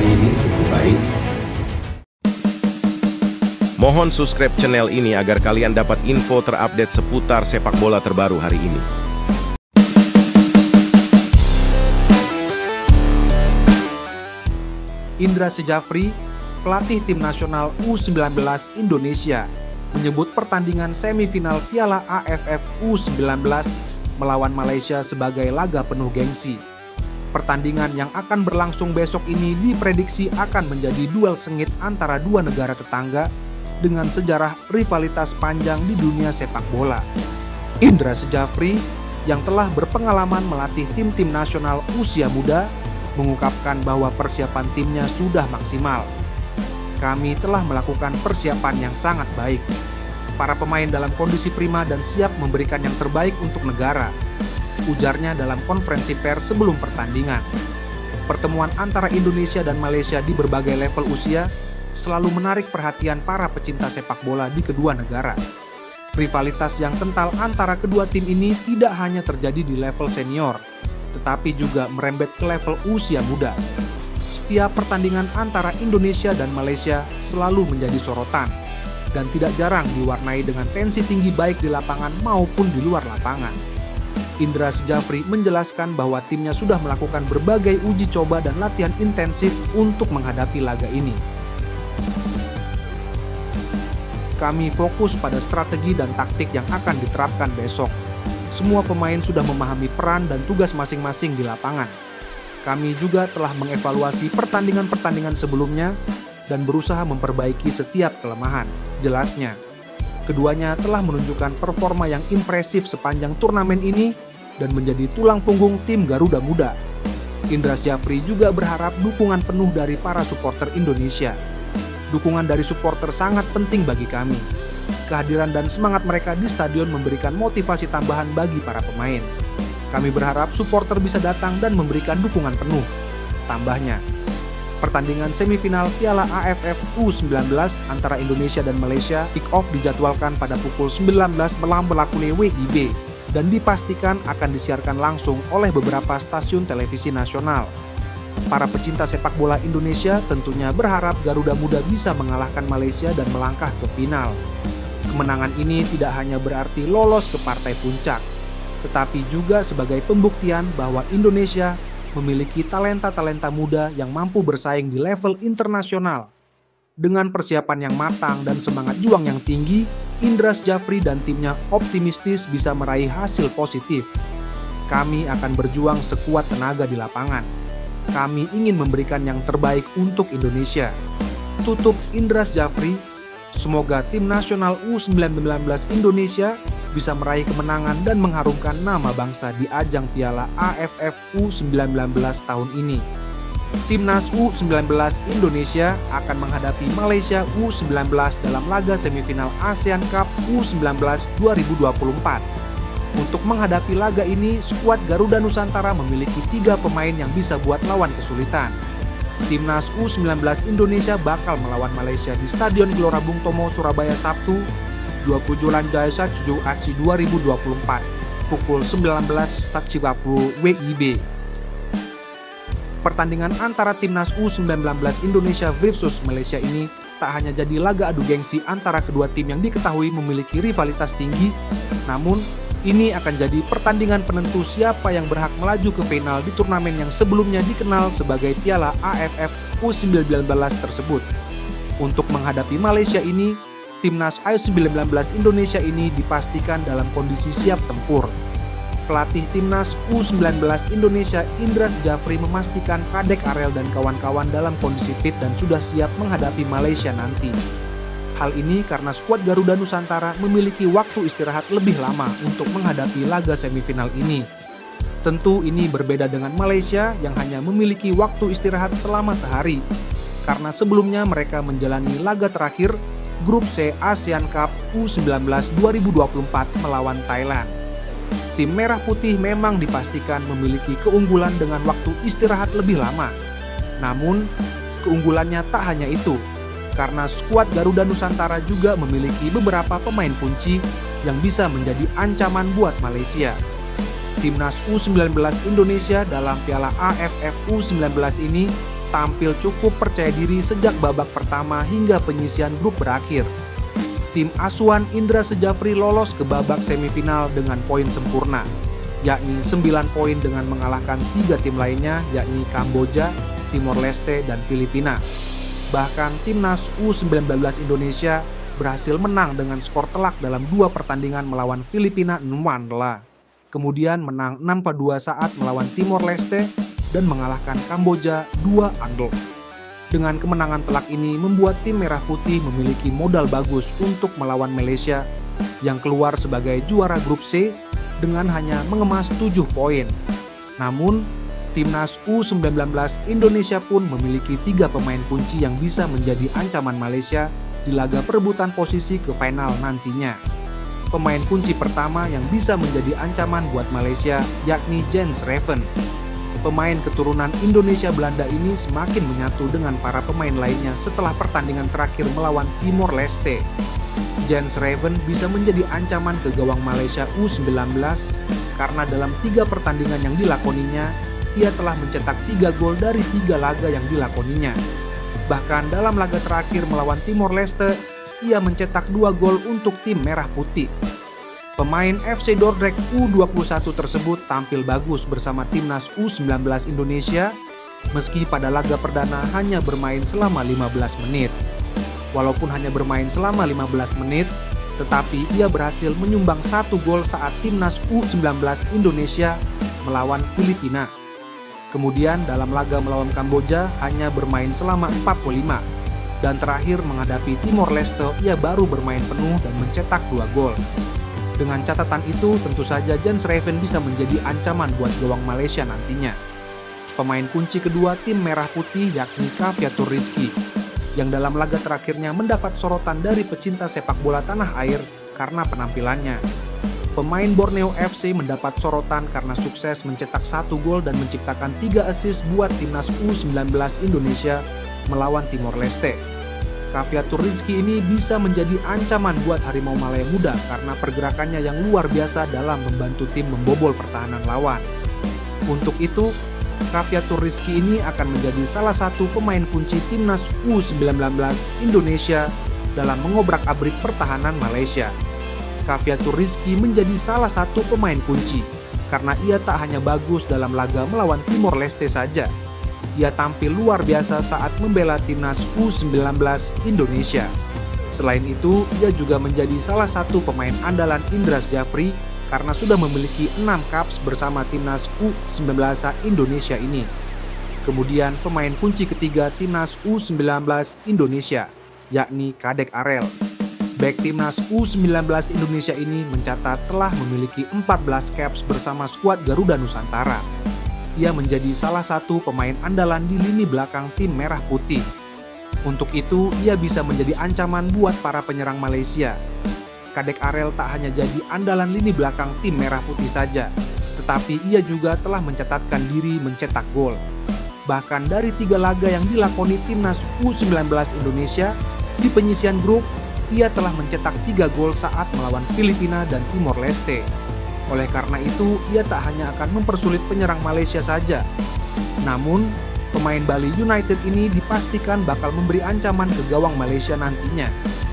hari ini cukup baik. Mohon subscribe channel ini agar kalian dapat info terupdate seputar sepak bola terbaru hari ini. Indra Sejafri, pelatih tim nasional U19 Indonesia, menyebut pertandingan semifinal Piala AFF U19 melawan Malaysia sebagai laga penuh gengsi. Pertandingan yang akan berlangsung besok ini diprediksi akan menjadi duel sengit antara dua negara tetangga dengan sejarah rivalitas panjang di dunia sepak bola. Indra Sejafri yang telah berpengalaman melatih tim-tim nasional usia muda mengungkapkan bahwa persiapan timnya sudah maksimal. Kami telah melakukan persiapan yang sangat baik. Para pemain dalam kondisi prima dan siap memberikan yang terbaik untuk negara ujarnya dalam konferensi pers sebelum pertandingan. Pertemuan antara Indonesia dan Malaysia di berbagai level usia selalu menarik perhatian para pecinta sepak bola di kedua negara. Rivalitas yang kental antara kedua tim ini tidak hanya terjadi di level senior, tetapi juga merembet ke level usia muda. Setiap pertandingan antara Indonesia dan Malaysia selalu menjadi sorotan, dan tidak jarang diwarnai dengan tensi tinggi baik di lapangan maupun di luar lapangan. Indra Sjafri menjelaskan bahwa timnya sudah melakukan berbagai uji coba dan latihan intensif untuk menghadapi laga ini. Kami fokus pada strategi dan taktik yang akan diterapkan besok. Semua pemain sudah memahami peran dan tugas masing-masing di lapangan. Kami juga telah mengevaluasi pertandingan-pertandingan sebelumnya dan berusaha memperbaiki setiap kelemahan, jelasnya. Keduanya telah menunjukkan performa yang impresif sepanjang turnamen ini dan menjadi tulang punggung tim Garuda Muda. Indra Syafri juga berharap dukungan penuh dari para supporter Indonesia. Dukungan dari supporter sangat penting bagi kami. Kehadiran dan semangat mereka di stadion memberikan motivasi tambahan bagi para pemain. Kami berharap supporter bisa datang dan memberikan dukungan penuh. Tambahnya, Pertandingan semifinal Piala AFF U19 antara Indonesia dan Malaysia kick-off dijadwalkan pada pukul 19 malam berlakunya WIB dan dipastikan akan disiarkan langsung oleh beberapa stasiun televisi nasional. Para pecinta sepak bola Indonesia tentunya berharap Garuda Muda bisa mengalahkan Malaysia dan melangkah ke final. Kemenangan ini tidak hanya berarti lolos ke partai puncak, tetapi juga sebagai pembuktian bahwa Indonesia memiliki talenta-talenta muda yang mampu bersaing di level internasional. Dengan persiapan yang matang dan semangat juang yang tinggi, Indras Jafri dan timnya optimistis bisa meraih hasil positif. Kami akan berjuang sekuat tenaga di lapangan. Kami ingin memberikan yang terbaik untuk Indonesia. Tutup Indras Jafri, semoga tim nasional U19 Indonesia bisa meraih kemenangan dan mengharumkan nama bangsa di ajang Piala AFF U19 tahun ini. Timnas U19 Indonesia akan menghadapi Malaysia U19 dalam laga semifinal ASEAN Cup U19 2024. Untuk menghadapi laga ini, skuad Garuda Nusantara memiliki tiga pemain yang bisa buat lawan kesulitan. Timnas U19 Indonesia bakal melawan Malaysia di Stadion Gelora Bung Tomo, Surabaya Sabtu, 27 Daesha 7 Aksi 2024, pukul 19.40 WIB. Pertandingan antara timnas U19 Indonesia versus Malaysia ini tak hanya jadi laga adu gengsi antara kedua tim yang diketahui memiliki rivalitas tinggi, namun ini akan jadi pertandingan penentu siapa yang berhak melaju ke final di turnamen yang sebelumnya dikenal sebagai Piala AFF U19 tersebut. Untuk menghadapi Malaysia ini, timnas U19 Indonesia ini dipastikan dalam kondisi siap tempur pelatih timnas U19 Indonesia Indra Jafri memastikan Kadek Arel dan kawan-kawan dalam kondisi fit dan sudah siap menghadapi Malaysia nanti. Hal ini karena skuad Garuda Nusantara memiliki waktu istirahat lebih lama untuk menghadapi laga semifinal ini. Tentu ini berbeda dengan Malaysia yang hanya memiliki waktu istirahat selama sehari, karena sebelumnya mereka menjalani laga terakhir Grup C ASEAN Cup U19 2024 melawan Thailand tim merah putih memang dipastikan memiliki keunggulan dengan waktu istirahat lebih lama. Namun, keunggulannya tak hanya itu, karena skuad Garuda Nusantara juga memiliki beberapa pemain kunci yang bisa menjadi ancaman buat Malaysia. Timnas U19 Indonesia dalam Piala AFF U19 ini tampil cukup percaya diri sejak babak pertama hingga penyisian grup berakhir tim asuhan Indra Sejafri lolos ke babak semifinal dengan poin sempurna, yakni 9 poin dengan mengalahkan tiga tim lainnya yakni Kamboja, Timor Leste, dan Filipina. Bahkan timnas U19 Indonesia berhasil menang dengan skor telak dalam dua pertandingan melawan Filipina 6 Kemudian menang 6-2 saat melawan Timor Leste dan mengalahkan Kamboja 2 andol. Dengan kemenangan telak ini membuat tim Merah Putih memiliki modal bagus untuk melawan Malaysia yang keluar sebagai juara grup C dengan hanya mengemas 7 poin. Namun, timnas U19 Indonesia pun memiliki tiga pemain kunci yang bisa menjadi ancaman Malaysia di laga perebutan posisi ke final nantinya. Pemain kunci pertama yang bisa menjadi ancaman buat Malaysia yakni Jens Raven pemain keturunan Indonesia Belanda ini semakin menyatu dengan para pemain lainnya setelah pertandingan terakhir melawan Timor Leste. Jens Raven bisa menjadi ancaman ke gawang Malaysia U19 karena dalam tiga pertandingan yang dilakoninya, ia telah mencetak tiga gol dari tiga laga yang dilakoninya. Bahkan dalam laga terakhir melawan Timor Leste, ia mencetak dua gol untuk tim merah putih. Pemain FC Dordrecht U21 tersebut tampil bagus bersama timnas U19 Indonesia meski pada laga perdana hanya bermain selama 15 menit. Walaupun hanya bermain selama 15 menit, tetapi ia berhasil menyumbang satu gol saat timnas U19 Indonesia melawan Filipina. Kemudian dalam laga melawan Kamboja hanya bermain selama 45 dan terakhir menghadapi Timor Leste ia baru bermain penuh dan mencetak dua gol. Dengan catatan itu, tentu saja Jan Raven bisa menjadi ancaman buat gawang Malaysia nantinya. Pemain kunci kedua tim merah putih yakni Kaviatur Rizky, yang dalam laga terakhirnya mendapat sorotan dari pecinta sepak bola tanah air karena penampilannya. Pemain Borneo FC mendapat sorotan karena sukses mencetak satu gol dan menciptakan tiga assist buat timnas U19 Indonesia melawan Timor Leste. Kaviatur Rizki ini bisa menjadi ancaman buat Harimau Malaya Muda karena pergerakannya yang luar biasa dalam membantu tim membobol pertahanan lawan. Untuk itu, Kaviatur Rizki ini akan menjadi salah satu pemain kunci timnas U19 Indonesia dalam mengobrak-abrik pertahanan Malaysia. Kaviatur Rizki menjadi salah satu pemain kunci karena ia tak hanya bagus dalam laga melawan Timor Leste saja, ia tampil luar biasa saat membela timnas U19 Indonesia. Selain itu, ia juga menjadi salah satu pemain andalan Indra Jafri karena sudah memiliki 6 caps bersama timnas U19 Indonesia ini. Kemudian pemain kunci ketiga timnas U19 Indonesia, yakni Kadek Arel. Back timnas U19 Indonesia ini mencatat telah memiliki 14 caps bersama skuad Garuda Nusantara ia menjadi salah satu pemain andalan di lini belakang tim merah putih. Untuk itu, ia bisa menjadi ancaman buat para penyerang Malaysia. Kadek Arel tak hanya jadi andalan lini belakang tim merah putih saja, tetapi ia juga telah mencatatkan diri mencetak gol. Bahkan dari tiga laga yang dilakoni timnas U19 Indonesia, di penyisian grup, ia telah mencetak tiga gol saat melawan Filipina dan Timor Leste. Oleh karena itu, ia tak hanya akan mempersulit penyerang Malaysia saja. Namun, pemain Bali United ini dipastikan bakal memberi ancaman ke gawang Malaysia nantinya.